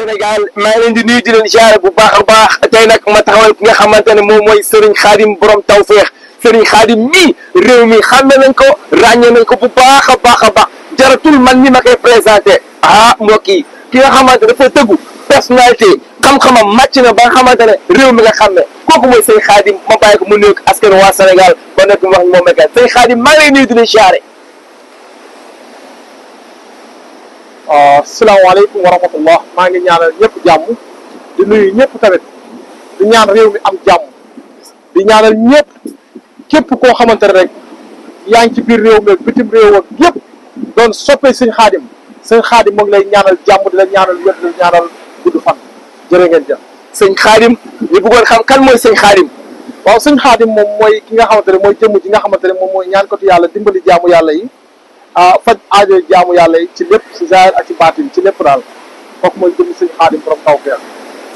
Sénégal maa ngi leen di nuyu di leen jaare bu baax a baax tey nag ma taxawal ki nga xamante ne moom mooy Serigne Khadim borom tawféex Serigne Khadim mii réew mi xàmme nañ ko ràññee nañ ko bu baax a baax a baax jaratul man ni ma koy présenté ah mbokk yi ki nga xamante dafa dëggu personnalité xam-xamam màcc na ba nga xamante ne réew mi nga xam ne kooku mooy Serigne Khadim ma bàyyi ko mu nuyoog askan waa Sénégal ba noppi wax moom la gën Serigne Khadim maa ngi lay nuyu di Euh, salaamaaleykum wa rahmatullah maa ngi ñaanal ñëpp jàmm di nuyu ñëpp tamit di ñaan réew mi am jàmm di ñaanal ñëpp képp koo xamante ne rek yaa ngi ci biir réew mi bitim réew ak yëpp doon soppee sëñ xaadim sëñ xaadim mu ngi lay ñaanal jàmm di la ñaanal wér di la ñaanal gudd fan jërë ngeen jëf. sëñ xaadim ñu bëggoon xam kan mooy sëñ xaadim. waaw sëñ xaadim moom mooy ki nga xamante ne mooy jëmm ji nga xamante ne moom mooy ñaan katu yàlla dimbali jaamu yàlla yi. Ah, faj aajo jaamu yàlla ci lépp ci zaahir ak ci baatin ci lépp daal kooku mooy jëm sëñ xaadim borom tawfeex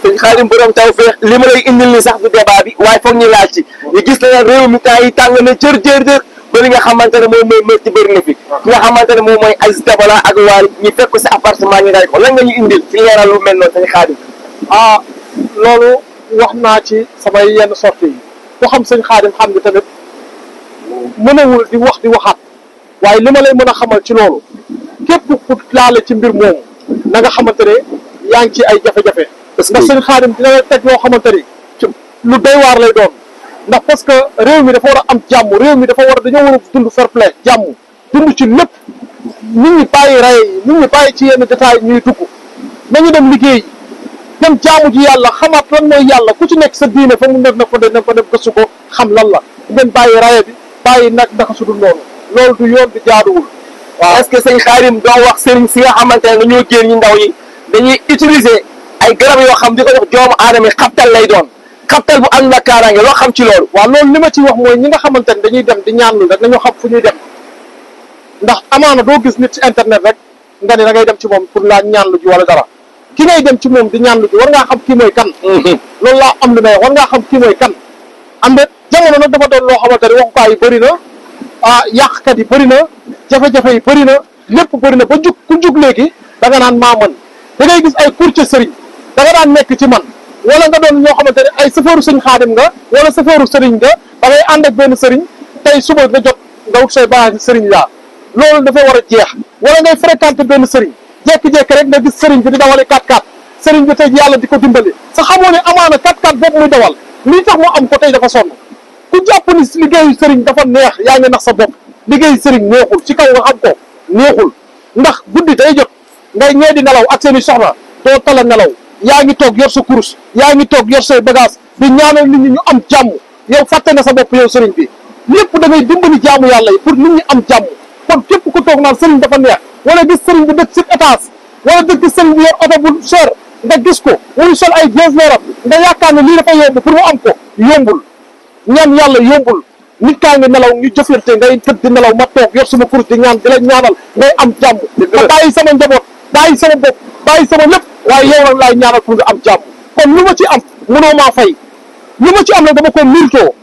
sëñ xaadim borom tawfeex li ma lay indil ni sax du débat bi waaye foog ñu laaj ci ñu gis ne réew mi temps yi tàng na jër jër jër ba li nga xamante ne moom mooy métti bëri na fi ki nga xamante ne moom mooy Aziz Dabala ak waal ñu fekk ko sa appartement ñu daaj ko lan nga ñu indil ci leeral lu mel noonu sëñ xaadim ah loolu wax naa ci samay yenn sorties yi xam sëñ xaadim xam ni tamit mënawul di wax di waxaat waaye li ma lay mën a xamal ci loolu képp ku laale ci mbir moomu na nga xamante ne yaa ngi ci ay jafe-jafe ndax seen xaadim dina la teg loo xamante ni lu doy waar lay doon ndax parce que réew mi dafa war a am jàmm réew mi dafa war a dañoo war a dund fair play jàmm dund ci lépp nit ñi bàyyi rey yi nit ñi bàyyi ci yenn détail ñuy dugg nañu dem liggéey dem jaamu ji yàlla xamaat lan mooy yàlla ku ci nekk sa diine fa mu nekk na ko de na ko dem gëstu ko xam lan la ngeen bàyyi raye bi bàyyi nag naka su loolu du yoon du jaaduwul. waaw est-ce que sëñ Xaadim doo wax sëriñ si nga xamante ne dañoo génn ñu ndaw yi dañuy utiliser ay garab yoo xam di ko jox doomu aadama yi lay doon xabtal bu ànd ak kaaraange loo xam ci loolu. waaw loolu li ma ci wax mooy ñi nga xamante ne dañuy dem di ñaanlu rek nañu xam fu ñuy dem ndax amaana doo gis nit ci internet rek nga ne da ngay dem ci moom pour laa ñaanlu ji wala dara ki ngay dem ci moom di ñaanlu ji war ngaa xam kii mooy kan. Mhm. loolu la am na may war ngaa xam kii mooy kan. am na jamono nag dafa loo xamante ne waxukaay yi bëri na ah yàqkat yi bëri na jafe-jafe yi bëri na lépp bëri na ba jug ku jug léegi da nga naan maa mën da ngay gis ay courtier sëriñ da nga daan nekk ci man wala nga doon ñoo xamante ne ay sëfëru sëñ xaadim nga wala sëfëru sëriñ nga da ngay ànd ak benn sëriñ tey suba nga jot nga wut say baax sëriñ laa loolu dafa war a jeex wala ngay fréquenter benn sëriñ jékki-jékki rek nga gis sëriñ bi di dawale 4-4 sëriñ bi tey yàlla di ko dimbali sa xamoo ne amaana 4-4 boobu muy dawal lii tax mu am jàpp ni liggéeyu sëriñ dafa neex yaa ngi nax sa bopp liggéeyu sëriñ neexul ci kaw nga xam ko neexul ndax guddi day jot ngay ñee di nelaw ak seen i soxna doo tala nelaw yaa ngi toog yor sa kurus yaa ngi toog yor say bagage di ñaanal ni ñu am jàmm yow fàtte na sa bopp yow sëriñ bi lépp da ngay dimbali jaamu yàlla yi pour nit ñi am jàmm kon képp ku toog naan sëriñ dafa neex wala gis sëriñ bi dëkk si étage wala dëkk sëriñ bi yor oto bu nga sol ay gaz leeram nga yaakaar ne lii dafa yomb pour mu am ko ñaan yàlla yombul nit kaa ngi nelaw ñu jëflante ngay tëdd di nelaw ma toog yor suma kurus di ñaan di la ñaanal ngay am jàmm ma bàyyi sama njaboot bàyyi sama bopp bàyyi sama lépp waaye ñaanal pour nga am jàmm kon lu ma ci am mënoo maa fay lu ma ci am na dama ko miritoo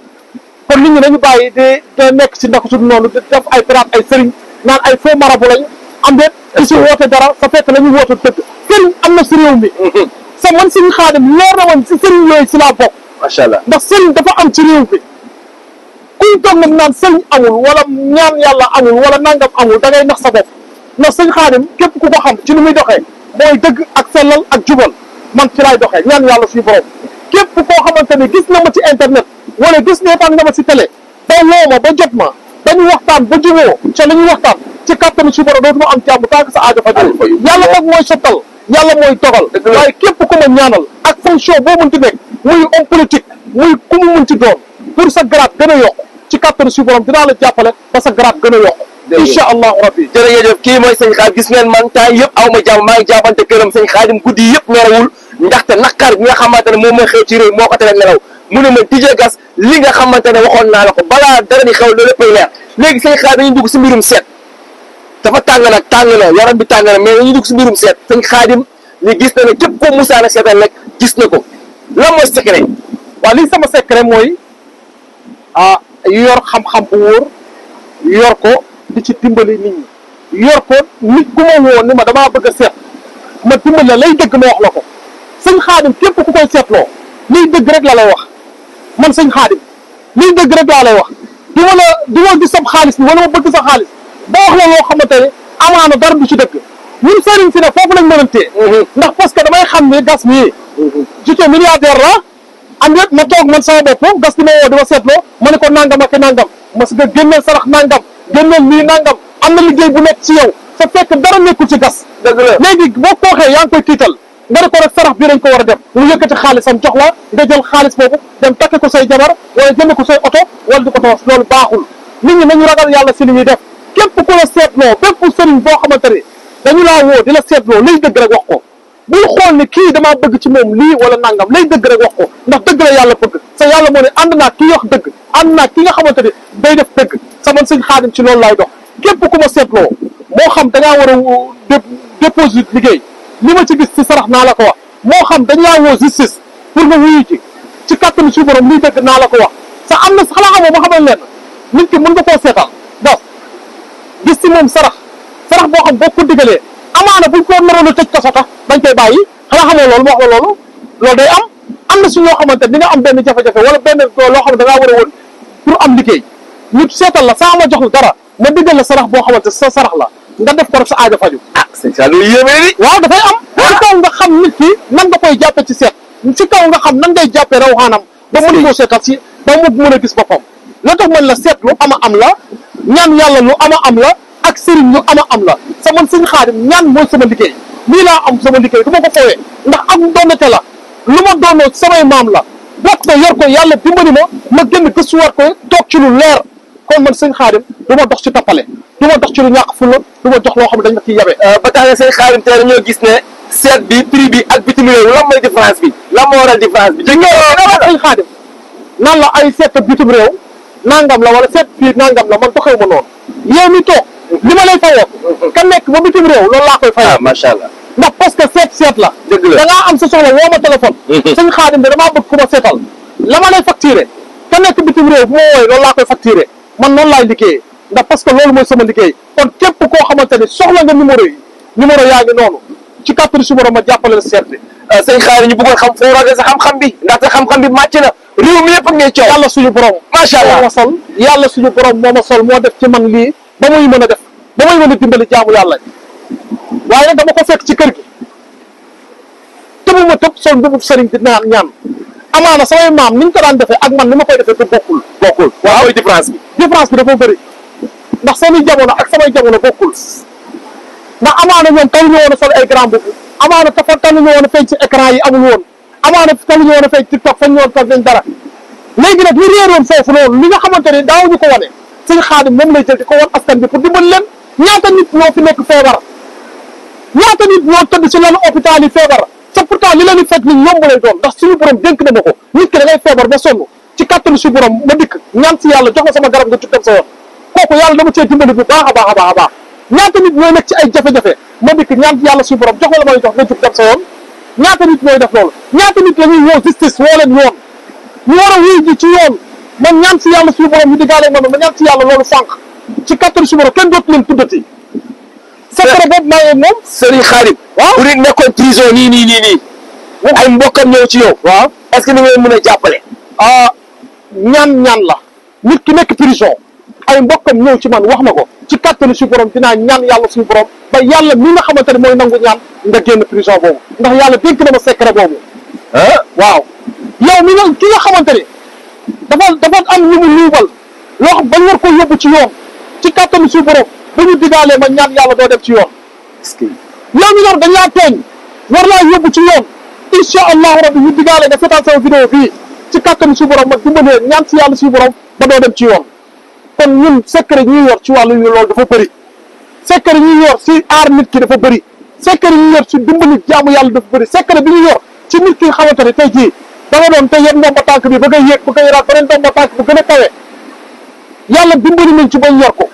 kon nit ñi nañu bàyyi di nekk si ndax su noonu di def ay piraat ay sëriñ naan ay faux marabu lañ am de di si woote dara sa fekk la ñu woote dëgg kenn am na si réew mi sa man suñu xaadim leer na macha allah ndax sëriñ dafa am ci réew bi kuñ toog nag naan sëriñ amul wala ñaan yàlla amul wala nangam amul da ngay nax sa bopp ndax sëñ xaadim képp ku ko xam ci ni muy doxee mooy dëgg ak sellal ak jubal man ci laay doxee ñaan yàlla suñu borom képp koo xamante ni gis na ma ci internet wala gis neetaan na ma ci télé ba woo ma ba jot ma dañu waxtaan ba juboo ca la ñuy waxtaan ci kàttanu suñu borom dootuma am jàmm tànk sa aajo fa yàlla moom mooy sottal yàlla moy togal way kep ku ma ñaanal ak fonction bo boo mënti nek muy homme politique muy ku mu ci doon pour sa grade gëna yok ci carte si borom dina la jàppale ba sa grade gëna yok yokk incha allahu rabbi jërëjëf ki moy seigne khadim gis ngeen man temps yëpp aw ma jàmm maa ngi jàppante këram sëñ xaadim guddi yëpp nelawul ndaxte naqar bi nga xamantene mo mo xew ci réew moko ko tere mu ne ma dijee gas li nga xamantene waxon na la ko bala dara ni xew lolépp lay leer léegi seigne khadim ñu dugg ci mbirum set dafa tàng nag tàng na yaram bi tàng na mais dañuy dugg si mbirum seet sëñ xaadim li gis na ne képp ko musaana seetal rek gis na ko lan mooy secret waaw li sama secret mooy ah yor xam-xam bu wóor yor ko di ci dimbali nit ñi yor ko nit ku ma woo ni ma damaa bëgg a seet ma dimbali la lay dëgg ma wax la ko sëñ xaadim képp ku koy seetloo liy dëgg rek la lay wax man sëñ xaadim liy dëgg rek laa lay wax du ma la du ma gis xaalis bi ma bëgg sa xaalis ba wax la loo xamante ne amaana dara du ci dëkk ñun sëriñ si ne foofu lañ mënantee ndax parce que damay xam ni gas mii jito milliardaire la am yëpp ma toog man sama bopp gas di ma woo di ma seetloo ma ne ko nangam ak nangam parce que génneel sarax nangam génneel lii nangam am na liggéey bu nekk ci yow sa fekk dara nekkul ci gas léegi boo ko waxee yaa ngi koy tiital nga ne ko rek sarax bii dañ ko war a dem mu yëkkati xaalisam jox la nga jël xaalis boobu dem takk ko say jabar wala jënd ko say oto wala di ko toos loolu baaxul nit ñi nañu ragal yàlla si li ñuy def képp ku la seetloo bépp sëriñ boo xamante ne dañu laa woo di la seetloo lay dëgg wax ko bul xool ne kii damaa bëgg ci moom lii wala nangam lay dëgg rek wax ko ndax dëgg la yàlla bëgg sa yàlla moo ne ànd naa ki wax dëgg ànd naa ki nga xamante ne day def dëgg sa man sëñ xaadim ci loolu laay dox képp ku ma seetloo moo xam da ngaa war a déposit liggéey li ma ci gis ci sarax naa la ko wax moo xam dañ laa woo justice pour nga wuyu ci ci kàttanu suñu borom liy dëgg naa la ko wax sa am na xalaa amoo ma xamal leen nit ki mën nga koo seetal ñoom sarax sarax boo xam boo ko digalee amaana buñ ko naroon a tëj ko sax dañ koy bàyyi xanaa xamoo loolu ma wax la loolu loolu day am am na si ñoo xamante dina am benn jafe-jafe wala benn loo xam ne da ngaa war a woon pour am liggéey ñu seetal la saa ma jox dara ma digal la sarax boo xamante sa sarax la nga def ko rek sa aajo faju ah sëñ Saliou yéeme ni waaw dafay am si kaw nga xam nit ki nan nga koy jàppe ci seet si kaw nga xam nan ngay jàppee raw xaanam ba mën koo seetal si ba mu mën a gis boppam loo tax mën la seet ama am la ñaan yàlla lu ama am la ak sëriñ ñu ama am la sa man sëñ xaadim ñaan mooy sama liggéey lii laa am sama liggéey du ma ko fowee ndax ak doonate la lu ma doonoo samay maam la bokk ko yor ko yàlla dimbali ma ma gën gëstuwaat ko toog ci lu leer kon man sëñ xaadim du ma dox ci tappale du ma dox ci lu ñàkk fulla du ma dox loo xam ne dañ ma ciy yabe ba tax na sëñ xaadim tey dañoo gis ne seet bi prix bi ak bitim réew lan mooy différence bi lan moo waral différence bi sëñ xaadim nan la ay seet ak bitim réew nangam la wala seet fii nangam la man doxew ma noonu yow mi toog li ma lay fayoo ka nekk ba bitim réew loolu laa koy fayoo ah, macha ndax parce la da ma mhm. la ma lay facturé ka man noonu laay liggéeyee ndax parce que loolu mooy koo xamante ni soxla nga numéro yi numéro yaa ci kàttanu su borom ma ah, ñu borom macha allah moo ma sol yàlla suñu moo def ci man lii ba muy mën a def ba muy mën a dimbali jaamu yàlla waaye nag dama ko fekk ci kër gi tëbuma tëb sol mbubu sëriñ di naan ñaan amaana samay maam ni ñu ko daan defee ak man ni ma koy defee te bokkul bokkul waaw mooy différence bi différence bi dafa bëri ndax seeni jamono ak samay jamono bokkul ndax amaana ñoom taluñu woon a sol ay grand boubou amaana tafa taluñu woon a feeñ ci écran yi amul woon amaana taluñu woon a feeñ TikTok fañ ñoon toog nañ dara léegi nag li réeroon foofu loolu li nga xamante ni daawuñu ko wane sëñ xaadim moom lay jël di ko war askan bi pour dimbali leen ñaata nit ñoo fi nekk feebar ñaata nit ñoo tëdd si lalu hôpital yi feebar te pourtant li faj li yomb lay doon ndax suñu borom dénk na ma ko nit ki da feebar ba sonn ci kattanu si borom ma dikk ñaan si yàlla jox ma sama garab nga jug dem sa yoon kooku yàlla dama cee dimbali bu baax a baax a baax a ñaata nit ñooy nekk ci ay jafe-jafe ma dikk ñaan si yàlla suñu borom jox ma la may jox nga jug dem sa yoon ñaata nit ñooy def la ci man ñaan si yàlla suñu borom ñu diggaale ak man ma ñaan si yàlla loolu sànq ci kattan suñu borom kenn dootu leen tuddati. secret boobu maa yeeg moom. Serigne Khalid. waaw bu nit nekkoon prison nii nii nii nii. ay mbokkam ñëw ci yow. waaw est-ce que ni ngeen mën a jàppale. ah ñaan ñaan la. nit ki nekk prison. ay mbokkam ñëw ci man wax na ko. ci kattanu suñu borom dinaa ñaan yàlla suñu borom ba yàlla mi nga xamante ne mooy nangu ñaan nga génn prison boobu ndax yàlla dénk na ma secret boobu. ah waaw yow mi nga ki nga xamante ne. dafa dafa am lu mu luubal loo xam bañ war ko yóbbu ci yoon ci kàttanu suuf borom bu ñu digaalee ma ñaan yàlla doo ci yoon. yow mi yor dañ laa tooñ war laa yóbbu ci yoon incha allahu rabbi ñu digaalee nga seetaan sama vidéo fii ci kàttanu suuf borom ma dimbalee ñaan si yàlla suuf borom ba doo dem ci yoon. kon ñun secret ñuy yor ci wàllu loolu dafa bëri secret ñuy yor si aar nit ki dafa bëri secret ñuy yor si dimbali jaamu yàlla dafa bëri secret bi ñu yor ci nit ki nga xamante ne tey jii. da nga doon te yéeg ndomba bi ba nga yéeg ba nga yoraat beneen ndomba tànk bu gën a kawe yàlla dimbali nañ ci bañ yor ko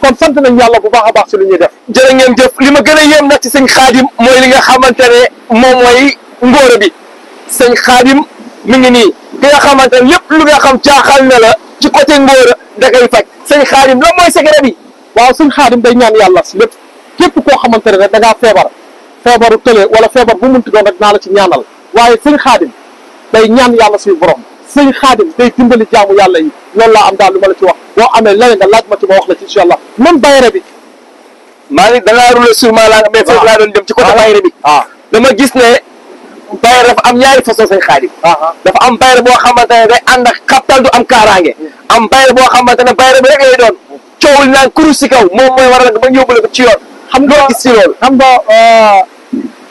kon sant nañ yàlla bu baax a baax si lu ñuy def. jërë ngeen jëf li ma gën a yéem nag ci sëñ xaadim mooy li nga xamante ne moom mooy ngóora bi sëñ xaadim mi ngi nii ki nga xamante ne lépp lu nga xam caaxal na ci côté ngóora da koy faj sëñ xaadim lan mooy secret bi waaw sëñ xaadim day ñaan yàlla si lépp képp koo xamante ne rek da ngaa feebar. feebaru tële wala feebar bu munti doon rek naa la ci ñaanal waaye sëñ xaadim day ñaan yàlla suñu borom sëñ xaadim day dimbali jaamu yàlla yi loolu laa am daal lu ma la ci wax boo amee leneen nga laaj ma ci ma wax la ci incha allah même bayre bi maa ngi dangaa rula sûrement laa mais foofu laa doon jëm ci côté bayre bi dama gis ne bayre dafa am ñaari façon sëñ xaadim dafa am bayre boo xamante day ànd ak xaptal du am kaaraange am bayre boo xamante bayre bi rek lay doon coow li naan kaw moom mooy waral nga ba ñëw ba la ci yoon xam nga gis si loolu xam nga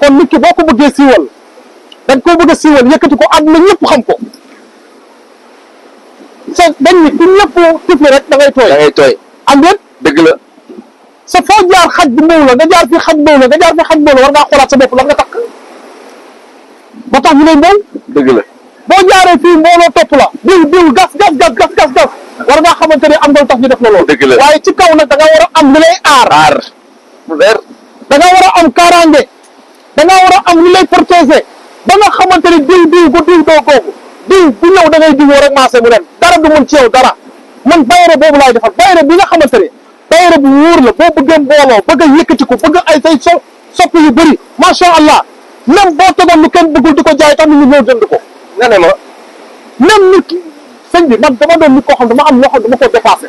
kon nit ki boo ko bëggee siiwal da nga koo bëgg a siiwal yëkkati ko àdduna ñëpp xam ko so dañ ni ku ñëpp tifli rek tooy da am déet dëgg la sa foo jaar xaj bu mbow la nga jaar fi xaj mbow la nga jaar fi xaj mbow sa bopp nga takk ba tax ñu lay mbow dëgg la boo jaaree fii mbooloo topp la diw diw gas gas gas gas gas gas war ne am nga tax ñu def la loolu dëgg waaye ci kaw nag da nga war a am li lay aar aar da war a da ngaa war a am lu ba nga xamante ni diw diw ko diw doo kooku diw bu ñëw da ngay diwoo rek maase mu dara du mun ci yow dara man bayre boobu laay defal bayre bi nga xamante ni bayre bu wóor la boo bëggee mbooloo bëgg a yëkkati ko bëgg ay say so soppi yu bëri macha allah même boo tegoon lu kenn bëggul di ko jaay tamit ñu ñëw jënd ko nga ma même nit ki bi man dama doon nit koo xam dama am loo xam dama ko dépassé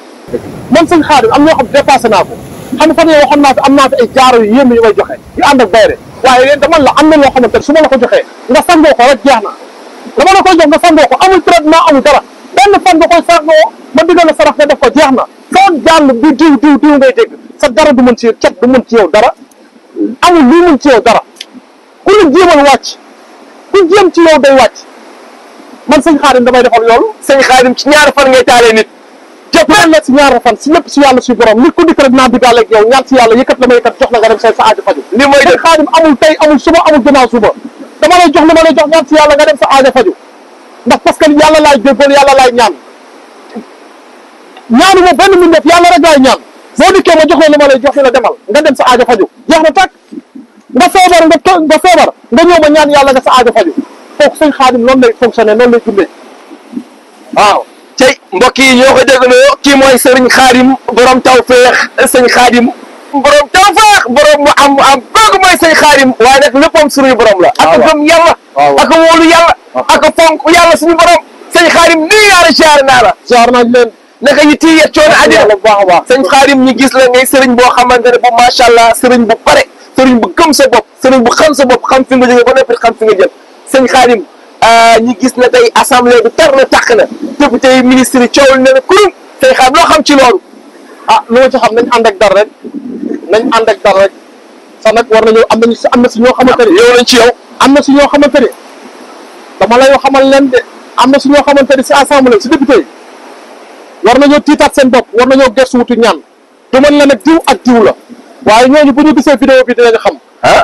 man sëñ xaadim am loo xam dépassé naa ko xam fan yee waxoon naa fi am naa fi ay jaaro yu yéeme yu may joxe yu ànd ak bayre waaye dama la am na loo xamante ne su ma la ko joxee nga sangoo ko rek jeex na dama la koy jox nga sangoo ko amul traitement amul dara benn fan nga koy sangoo ma digal la sarax nga def ko jeex na foo bi diw diw diw sa dara du mën ci cet du ci yow dara amul lu mën ci yow dara ku la jéemal wàcc ku jéem ci yow day wàcc man sëñ xaadim damay defal loolu sëñ xaadim ci ñaari fan ngay taalee nit jëppal la si ñaar fan si lépp si yàlla si borom nit ku nekk rek naa diggaaleeg yow ñaan si yàlla yëkkat la ma yëkkat jox la nga dem sa aajo faju li mooy def xaadim amul tey amul suba amul gannaaw suba dama lay jox li lay jox ñaan si yàlla nga dem sa aajo faju ndax parce que yàlla laay déggoon yàlla laay ñaan ñaanu ma benn mbindeef yàlla rek laay ñaan boo dikkee ma jox la lay jox la demal nga dem sa aajo faju jeex na tàkk nga feebar nga nga feebar nga ñëw ma ñaan yàlla nga sa aajo faju kooku sëñ xaadim noonu lay fonctionné noonu lay dundee waaw تي مبوكي نيوكو ديغلو كي موي سيرن خاريم بروم توفيخ سيرن خاريم بروم توفيخ بروم ام ام بوغ موي سيرن خاريم واي داك لوبوم سوري بروم لا اكو گم يالا اكو وولو يالا اكو فونك يالا سيرن بروم سيرن خاريم ني يا رشار نالا شار ماج لين نكا يتي يتشون ادي سيرن خاريم ني گيس لا ني سيرن بو خامندر بو ما شاء الله سيرن بو بري سيرن بو گم سا بوب سيرن بو خان سا بوب خان فين ما جيغي بو نيبي خان فين ما جيل سيرن خاريم ñu gis na tey assemblée bi tar na tàq na député yi ministre yi coow na ne kurum tey xam loo xam ci loolu ah loo ci xam nañ ànd ak dara rek nañ ànd ak dara rek sax nag war nañoo am nañu si am na si ñoo xamante ne yow lañ ci yow am na si ñoo xamante ne dama lay xamal leen de am na si ñoo xamante ne si assemblée si député yi war nañoo tiitaat seen bopp war nañoo gëstu wutu ñaan du mën la nag diw ak diw la waaye ñooñu bu ñu gisee vidéo bi dinañ xam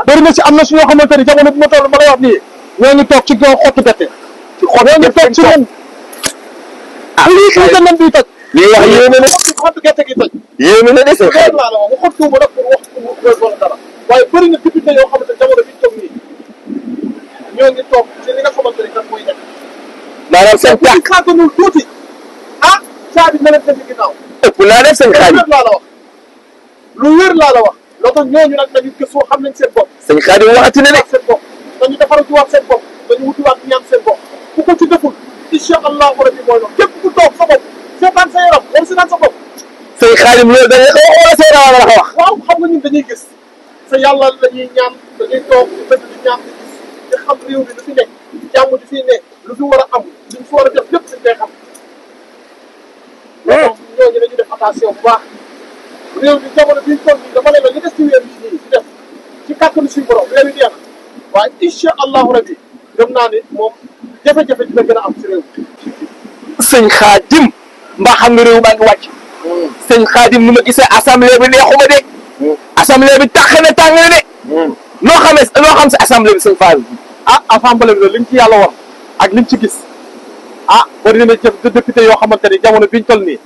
bëri na si am na si ñoo xamante ne jamono bu ma toll ma lay wax nii ñoo ngi toog ci kaw xottu gerte. ci xottu gerte ñoo ngi toog ci ren. ah lii xëy na lii wax yéeme na ci xottu gerte gi toj. yéeme na de sa xel laa la wax bu xottu ma nag pour wax pour wala dara waaye bëri na député yoo xamante ne jamono bi ñu toog nii ñoo ngi toog ci li nga xamante ne kat mooy nekk. maanaam seen perte bu xaatanul tuuti ah caabi na leen seen ginnaaw. ëpp naa def seen xaalis lu wér laa la wax. lu wér laa la wax loo tax ñooñu nag nañu gëstu xam nañ seen bopp. seen xaalis waxati na de seen bopp. dañu defaratuwaat seen bopp dañu wutiwaat ñaan seen bopp ku ko ci deful incha allahu rabi mooy loolu képp ku toog sa bopp seetaan sa yaram wala seetaan sa bopp. sëñ Xaadim loolu da ngay xoolal sa yaram la wax. waaw xam nga ñun dañuy gis sa yàlla la ñuy ñaan dañuy toog di bëgg di ñaan di gis di xam réew mi lu fi nekk jàmm di fi ne lu fi war a am lu fi war a def lépp dañ koy xam. waaw hmm. ñooñu dañuy def attention bu baax réew mi jamono biñ toll nii dama leen la li des ci weer bii nii di def ci kàttanu suñu borom weer wi jeex. waaye incha allahu rabi gëm naa ne moom jafe-jafe dina gën a am ci réew sëñ xaadim mbaa xam nga réew maa ngi wàcc sëñ xaadim ni ma gisee assemblée bi neexuma de assemblée bi tàq na tàng na de noo xamee noo xam si assemblée bi sëñ Fall ah assemblée bi la liñ ci yàlla war ak liñ ci gis ah bari na jëf de député yoo xamante ni jamono biñ toll nii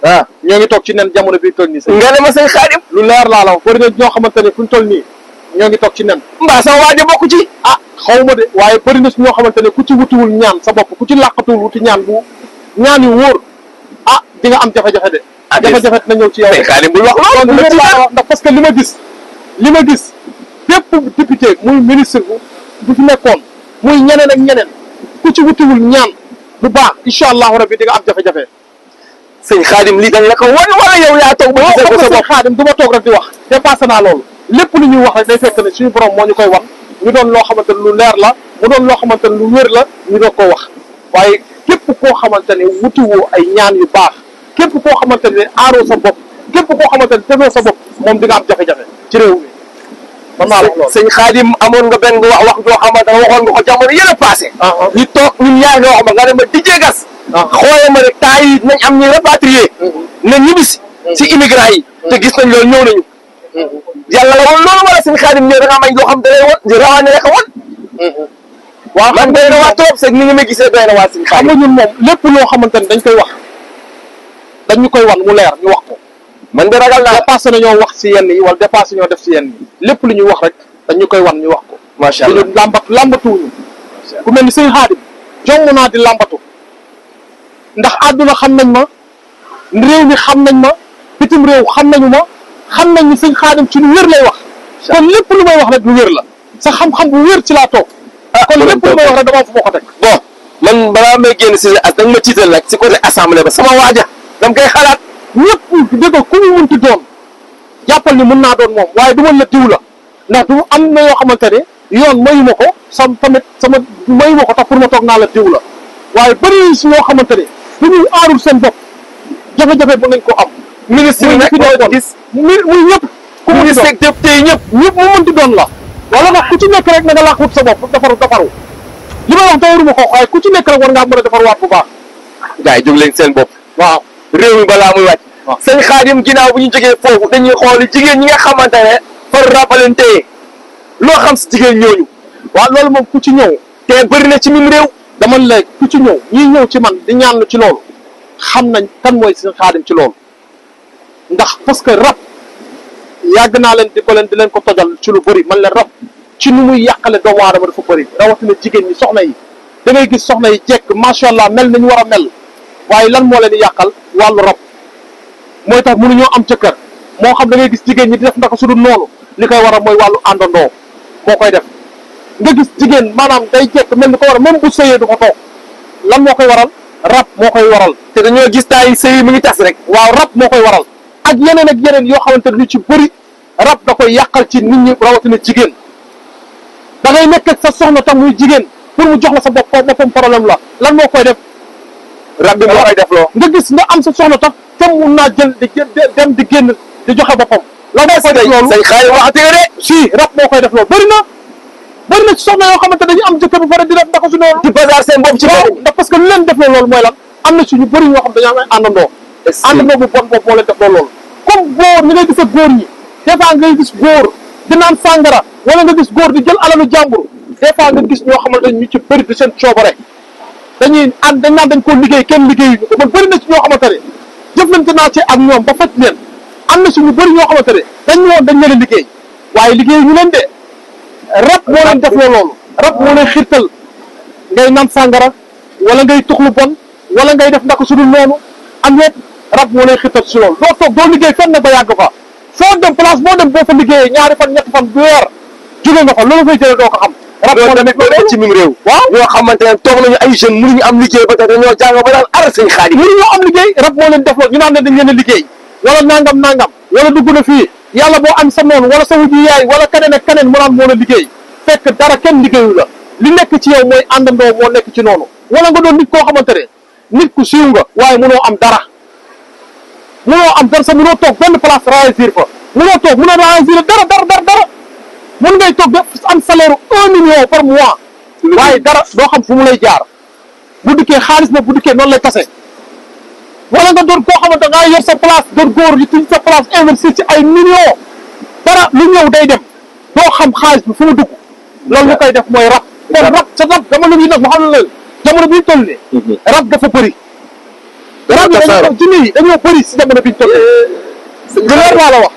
ñoo ngi toog ci nen jamono biñ toll nii nga ne ma sëñ xaadim lu leer laa la wax bari na ñoo xamante ni fuñ toll nii ñoo ngi toog ci nen mbaa sama waaja bokk ci ah xaw de waaye bëri na su ñoo xamante ne ku ci wutiwul ñaan sa bopp ku ci làqatuwul wuti ñaan bu ñaan yu wóor ah di nga am jafe-jafe de ah, jafe-jafe na ñëw ci yow Karim bul wax loolu ndax parce que li ma gis li ma gis bépp député muy ministre bu bu fi ñeneen ak ñeneen ku ci wutiwul ñaan bu baax incha allahu rabi di nga am jafe-jafe sëñ Xaadim lii dañ la ko wan wala yow yaa toog ba gisal ko sa xaadim du ma toog rek di wax dépassé naa loolu lépp lu ñuy wax rek day fekk ne suñu borom moo ñu koy wax ñu doon loo xamante ne lu leer la mu doon loo xamante ne lu wér la ñu doon ko wax waaye képp koo xamante ne wutiwoo ay ñaan yu baax képp koo xamante ne aaroo sa bopp képp koo xamante ne defoo sa bopp moom di nga am jafe-jafe ci réew mi. man maa wax Xaadim amoon nga benn wax wax joo xamante ne waxoon nga ko jamono yële passé. Uh-huh. ñu toog ñun ñaar ñoo xam nga ne ma dijjee gas. Uh-huh. xoolee ma ne temps yi nañ am ñu rapatrié. Uh-huh. na ñibbisi si yàlla la woon loolu wala suñu xaadim ñëw da nga may loo xam da lay woon di rawane rek a woon waaw xam doy na waa trop c'est ni nga ma gisee doy na waa suñu xaadim xam nga ñun moom lépp loo xamante ne dañ koy wax dañ ñu koy wan mu leer ñu wax ko man de ragal naa dépassé nañoo wax si yenn yi wala dépassé ñoo def si yenn yi lépp lu ñuy wax rek dañ ñu koy wan ñu wax ko macha allah dañu làmbat làmbatuwuñu ku mel ni suñu xaadim jong naa di làmbatu ndax àdduna xam nañ ma réew mi xam nañ ma bitim réew xam nañu ma xam nañ ni sëñ xaadim ci lu wér lay wax kon lépp lu may wax rek lu wér la sa xam-xam bu wér ci laa toog kon lépp lu may wax rek dama fu ma ko teg bon man balaa may génn si as danga ma tiital nag si côté assemblée ba sama waaja dama koy xalaat ñëpp dëgg ku mu munti doon jàppal ni mën naa doon moom waaye du ma la diw la ndax du am na yoo xamante ne yoon mayu ma ko sam tamit sama mayu ma ko tax pour ma toog naa la diw la waaye bëri si ñoo xamante ne bu ñuy aarul seen bopp jafe-jafe bu nañ ko am ministre yi fi doon gis muy muy ñëpp. ku mu gis teg tey ñëpp ñëpp mu mënti doon la. wala nag ku ci nekk rek na nga làqut sa bopp defaru defaru li may wax dawaruma ko waaye ku ci nekk rek war ngaa mën a defarwaat bu baax. gars yi seen bopp. waaw réew mi balaa muy wàcc. seen xaadim ginnaaw bu ñu jógee foofu dañuy xool jigéen ñi nga xamante ne far loo xam si jigéen ñooñu. waaw loolu moom ku ci ñëw. te bëri na ci mim réew. dama la ku ci ñëw ñii ci man di ñaan ci loolu xam na kan mooy seen xaadim ci loolu ndax parce que rab yàgg naa leen di ko leen di leen ko tojal ci lu bëri man leen rab ci nu muy yàqale doomu aadama dafa bëri rawatina jigéen ñi soxna yi da gis soxna yi jekk macha allah mel nañu war a mel waaye lan moo leen di yàqal wàllu rab mooy tax mënuñoo am jëkkër moo xam da gis jigéen ñi di def su dul noonu koy war a mooy wàllu àndandoo moo koy def nga gis jigéen maanaam day jekk mel ni ko war a même bu sëyee du ko toog lan moo koy waral rab moo koy waral te dañoo gis taay sëy mu ngi tas rek waaw rab moo koy waral ak yeneen ak yeneen yoo xamante ne lu ci bëri rab da koy yàqal ci nit ñi rawatina jigéen da ngay nekk ak sa soxna tam muy jigéen pour mu jox la sa bopp boppam problème la lan moo koy def. rab bi moo def loo nga gis nga am sa soxna tax tam mun naa jël di dem di génn di joxe boppam. lan moo koy def loolu say xaay waxate nga de. si rab moo koy def loolu bëri na. bëri na ci soxna yoo xamante dañu am jëkkër bu pare di def naka su noonu. di bazar seen bopp ci kaw ndax parce que lu leen mooy lan am na suñu bëri ñoo xam dañoo am ay àndandoo. àndandoo bu bon boobu moo leen def loolu. góor ñu ngay gis ak góor ñi des ngay gis góor di naan sàngara wala nga gis góor di jël alalu jàmbur des fois nga gis ñoo xamante ñu ci bëri di seen coobare dañuy ànd dañ naan dañ koo liggéey kenn liggéeyuñu ko man bëri na ci ñoo xamante ne jëflante naa am ak ñoom ba faj leen am na suñu bëri ñoo xamante ne dañ woon dañ leen liggéey waaye liggéey ñu leen de rab moo leen def loolu rab moo leen xirtal ngay naan sàngara wala ngay tuxlu bon wala ngay def ndax su dul am rab moo lay xitat si loolu doo toog doo liggéey fenn nag ba yàgg fa foo dem place boo dem boo fa liggéeyee ñaari fan ñetti fan bu weer jóge nga fa loolu fay jëlee doo ko xam rab moo tamit loolu ci mim réew waaw ñoo xamante ne toog nañu ay jeunes mënuñu am liggéey ba tax dañoo jàng ba daan ara seen xaalis mënuñoo am liggéey rab moo leen def loolu ñu naan ne dañ leen liggéey wala nangam nangam wala dugg na fii yàlla boo am sa noonu wala sa wuju yaay wala keneen ak keneen mu naan moo la liggéey fekk dara kenn liggéeyu la li nekk ci yow mooy àndandoo moo nekk ci noonu wala nga doon nit koo xamante ne nit ku siiw nga waaye mënoo am dara mënoo am dara sa mënoo toog benn place réussir fa mënoo toog mënoo réussir dara dara dara dara mën ngay toog ba am salaire un million par mois waaye dara doo xam fu mu lay bu dikkee xaalis na bu dikkee noonu lay tase wala nga doon koo xamante nga yor sa place doon góor yi tuñ sa place investir ci ay million dara lu ñëw day dem doo xam xaalis bi fu mu dugg loolu lu koy def mooy rab kon rab sa rab jamono bi nag ma xam ne la jamono bi ñu toll nii mhm. rab dafa bëri rab yi dañoo jinne yi dañoo bëri si jamono biñ toll nii. Eh, leer laa la wax.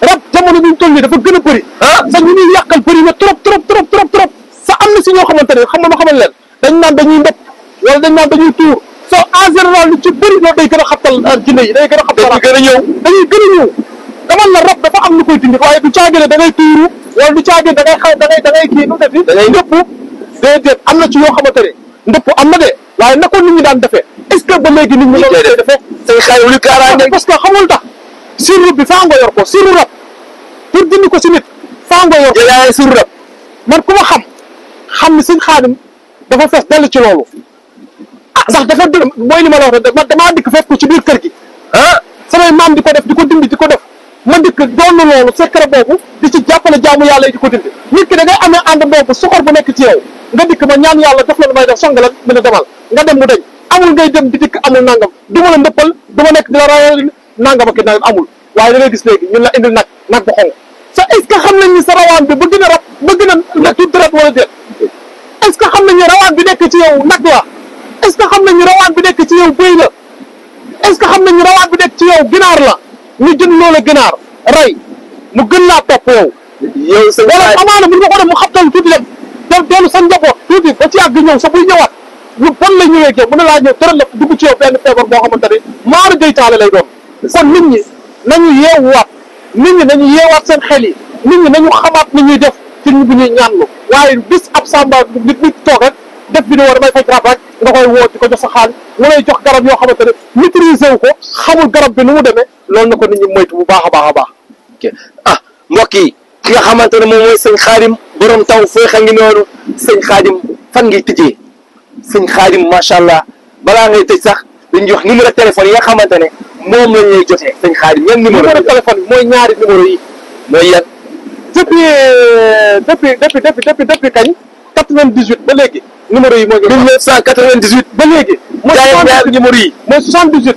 rab jamono biñ toll a bëri. Ah. sax ñu bëri na trop trop trop trop trop. am na si ñoo xamante ne xam nga ma xamal leen dañ naan dañuy ndëpp wala dañ naan dañuy tuur so en général lu ci bëri loolu day gën a xabtal jinne yi day gën a xabtal. dañuy gën a ñëw dañuy gën a ñëw. am lu koy dindi waaye du caagee da ngay wala da ngay xaw da ngay da ngay kii nu mu def da ngay ndëpp déedéet am na ci yoo xamante ne ndëpp am na de waaye na ko nit ñi daan defee est-ce que ba léegi nit ñi loolu koy defee say xay lu kaaraange parce que xamul tax sirru bi faa nga yor ko sirru rab pour dindi ko si nit faa nga yor ko yaay sirru rab man ku xam xam ni sëñ Xaadim dafa fees dell ci loolu ah ndax dafa dë mooy ma la wax rek man damaa dikk fekk ko ci biir kër gi ah samay maam di ko def di ko dimbi di ko def ma dikk doon loolu secret boobu jàppale jaamu yàlla yi di ko dindi nit ki da ngay amee ànd soxor bu nekk ci yow nga dikk ma ñaan yàlla def la lu may def songalan mën a demal nga dem mu dañ amul ngay dem di dikk amul nangam du ma la ndëppal du ma nekk di la nangam ak nangam amul waaye da ngay gis léegi ñun la indil nag sa est nañ ni sa rawaan bëgg na rab na nekk deret que xam nañ ni rawaan bi nekk ci yow nag la est-ce que xam nañ ni rawaan bi nekk ci yow bëy la est-ce que xam bi nekk ci yow ginaar la ñu jën loola ginaar rey mu gën laa topp yow yow sëñ Ba wala amaana bu ñu ko doon sa njaboot tuuti ba ci yàgg ñëw sa buy ñëwaat lu bon la ñëwee ak yow mën na laa ñëw tëral la dugg ci yow benn feebar boo xamante ne maara day taale lay doon. kon nit ñi nañu yeewaat nit ñi nañu yeewaat seen xamaat ni ñuy def ci ñu bu ñuy ñaanlu waaye bis ab sàmba nit bi ne war damay faj rab nga koy woo di ko jox sa xaal mu lay jox garab yoo xamante ne maîtriser wu ko xamul garab bi nu mu demee lool na ko nit ñi moytu bu baax a baax a baax. a ah mbokk yi ki nga xamante ne moom mooy sëñ borom taw féex xangi nonu seigne khadim xaadim fan ngay seigne khadim ma sha allah bala ngay tëj sax dañ jox numéro téléphone yi nga xamante ne lañ lay jotee seigne khadim yan numéro téléphone moy ñaari numéro yi moy yan depuis depuis depuis depuis depuis depuis kañ 98 ba légui numéro yi moy 1998 ba léegi mooy ñaari numéro yi mooy 78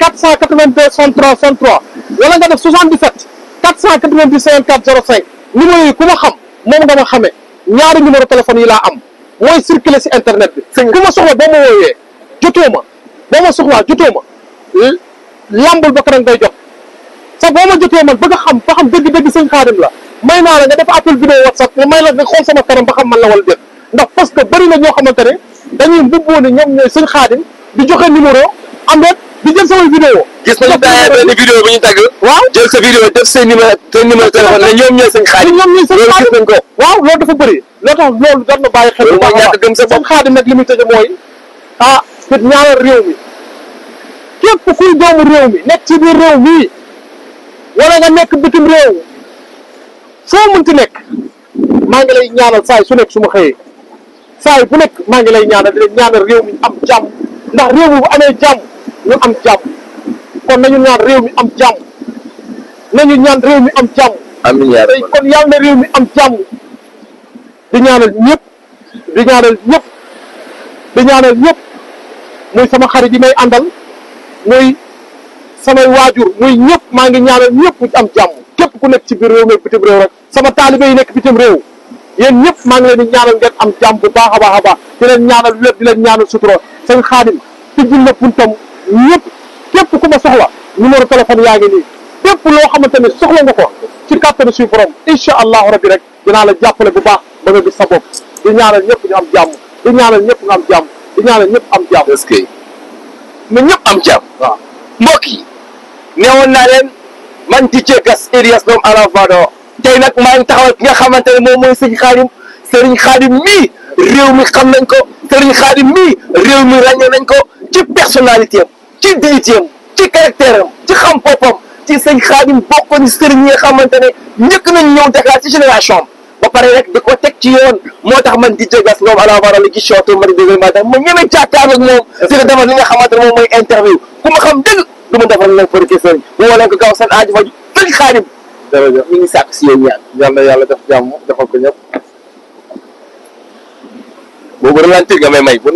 482 63 63 wala nga def 77 497 405 numéro yi ku ma xam moom nga ma xamee ñaari numéro téléphone yi laa am mooy circuler si internet bi. ku ma soxla boo ma wooyee jotoo ma boo ma soxlaa jotoo ma lambul ba kanam ngay jot sa boo ma jotee man bëgg a xam ba xam dëgg-dëgg sëñ Xaadim la may naa la nga def appel vidéo WhatsApp nga may la nga xool sama kanam ba xam man la wala déet ndax parce que bëri na ñoo xamante ne dañuy mbubboo ne ñoom ñooy sëñ Xaadim di joxe numéro am déet. di jël samay vidéo gis nañu daay benn vidéo ñu tàgg waaw jël sa vidéo def seen numéro seen numéro ne ñoom ñooy seen xaadim ñoom ñooy seen nañ ko waaw loolu dafa bëri loo tax loolu jot na bàyyi xel bu baax a baax seen xaadim nag li muy tëje mooy ah fit ñaanal réew mi képp kuy doomu réew mi nekk ci biir réew mi wala nga nekk bitim réew foo mënti nekk maa ngi lay ñaanal saay su nekk su ma xëyee saay bu nekk maa ngi lay ñaanal di la ñaanal réew mi am jàmm ndax réew mi amee jàmm ñu am jàmm kon nañu ñaan réew mi am jàmm nañu ñaan réew mi am jàmm. amiin yaa rabbi kon am jàmm di ñaanal ñëpp di ñaanal ñëpp di ñëpp muy sama xarit yi may àndal muy samay waajur muy ñëpp maa ngi ñaanal ñëpp ñu am jàmm képp ku nekk ci biir réew mi bitim réew rek sama taalibe yi nekk bitim réew yéen ñëpp maa ngi leen di ñaanal ngeen am jàmm bu baax a baax baax di leen ñaanal wér di leen ñaanal sutura sëñ Xaadim tijjil na puntam ñëpp képp ku ma soxla numéro téléphone yaa ngi nii képp loo xamante ni soxla nga ko ci kàttanu suñu borom incha allahu rabbi rek dinaa la jàppale bu baax ba nga gis sa bopp di ñaanal ñëpp ñu am jàmm di ñaanal ñëpp nga am jàmm di ñaanal ñëpp am jàmm. que ñëpp am jàmm. waaw mbokk yi neewoon naa leen man di Didier Gass Elias doomu Alla Fador tey nag maa ngi taxawal ki nga xamante ne moom mooy sëñ Xaadim sëriñ Xaadim mii réew mi xam nañ ko sëriñ Xaadim mii réew mi ràññee nañ ko ci personnalité am ci déyteem ci caractère am ci xam boppam ci sëñ Xaadim bokkoon sëriñ yi nga xamante ne njëkk nañ ñëw Dakar ci génération am ba pare rek di ko ci yoon moo tax man ti jégas moom ala waral gi soto ma di dégg maa tax ma ñeme jàkkaar ak moom di ko ne moom mooy interview ku ma xam dëgg du ma defal nag fërike sëriñ bu ma leen ko gaaw seen aaju faju sëñ Xaadim jërëjëf ñu si yow ñaan yàlla yàlla def jàmm defal ko ñëpp boobu